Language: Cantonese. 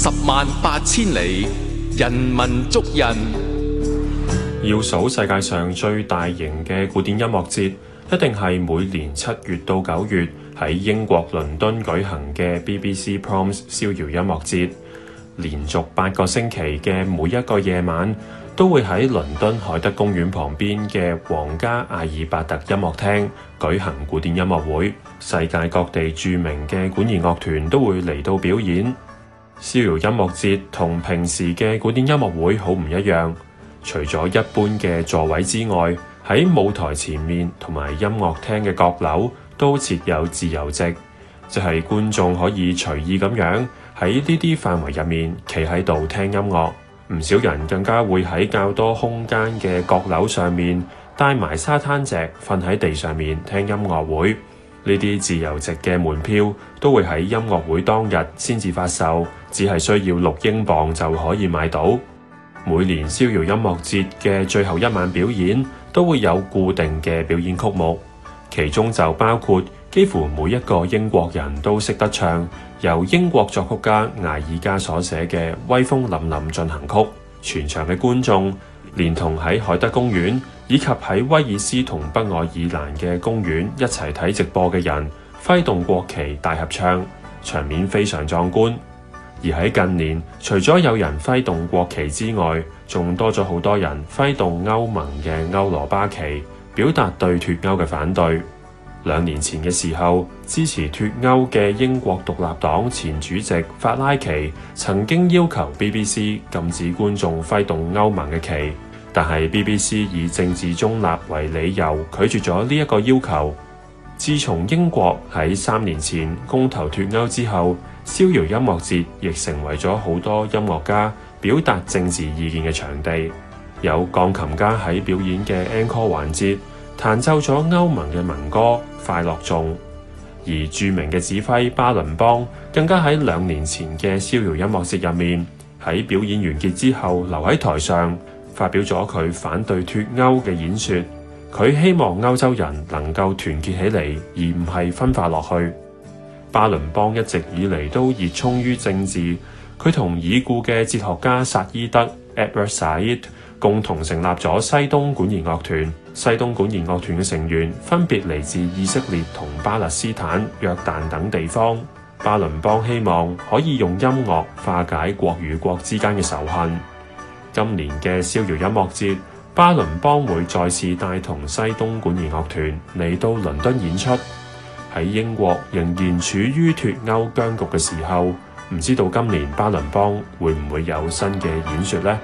十萬八千里，人文足印。要數世界上最大型嘅古典音樂節，一定係每年七月到九月喺英國倫敦舉行嘅 BBC Proms 逍遙音樂節。連續八個星期嘅每一個夜晚，都會喺倫敦海德公園旁邊嘅皇家阿爾伯特音樂廳舉行古典音樂會。世界各地著名嘅管弦樂團都會嚟到表演。逍遙音樂節同平時嘅古典音樂會好唔一樣，除咗一般嘅座位之外，喺舞台前面同埋音樂廳嘅閣樓都設有自由席，即係觀眾可以隨意咁樣喺呢啲範圍入面企喺度聽音樂。唔少人更加會喺較多空間嘅閣樓上面帶埋沙灘席，瞓喺地上面聽音樂會。呢啲自由席嘅門票都會喺音樂會當日先至發售，只係需要六英鎊就可以買到。每年逍遙音樂節嘅最後一晚表演都會有固定嘅表演曲目，其中就包括幾乎每一個英國人都識得唱由英國作曲家艾爾加所寫嘅《威風凜凜進行曲》，全場嘅觀眾，連同喺海德公園以及喺威爾斯同北愛爾蘭嘅公園一齊睇直播嘅人，揮動國旗大合唱，場面非常壯觀。而喺近年，除咗有人揮動國旗之外，仲多咗好多人揮動歐盟嘅歐羅巴旗，表達對脱歐嘅反對。兩年前嘅時候，支持脱歐嘅英國獨立黨前主席法拉奇曾經要求 BBC 禁止觀眾揮動歐盟嘅旗。但係，BBC 以政治中立為理由拒絕咗呢一個要求。自從英國喺三年前公投脱歐之後，逍遙音樂節亦成為咗好多音樂家表達政治意見嘅場地。有鋼琴家喺表演嘅安哥環節彈奏咗歐盟嘅民歌《快樂頌》，而著名嘅指揮巴倫邦更加喺兩年前嘅逍遙音樂節入面，喺表演完結之後留喺台上。發表咗佢反對脱歐嘅演說，佢希望歐洲人能夠團結起嚟，而唔係分化落去。巴倫邦一直以嚟都熱衷於政治，佢同已故嘅哲學家薩伊德 （Edward Said） 共同成立咗西東管弦樂團。西東管弦樂團嘅成員分別嚟自以色列同巴勒斯坦、約旦等地方。巴倫邦希望可以用音樂化解國與國之間嘅仇恨。今年嘅逍遙音樂節，巴倫邦會再次帶同西東管弦樂團嚟到倫敦演出。喺英國仍然處於脫歐僵局嘅時候，唔知道今年巴倫邦會唔會有新嘅演說呢？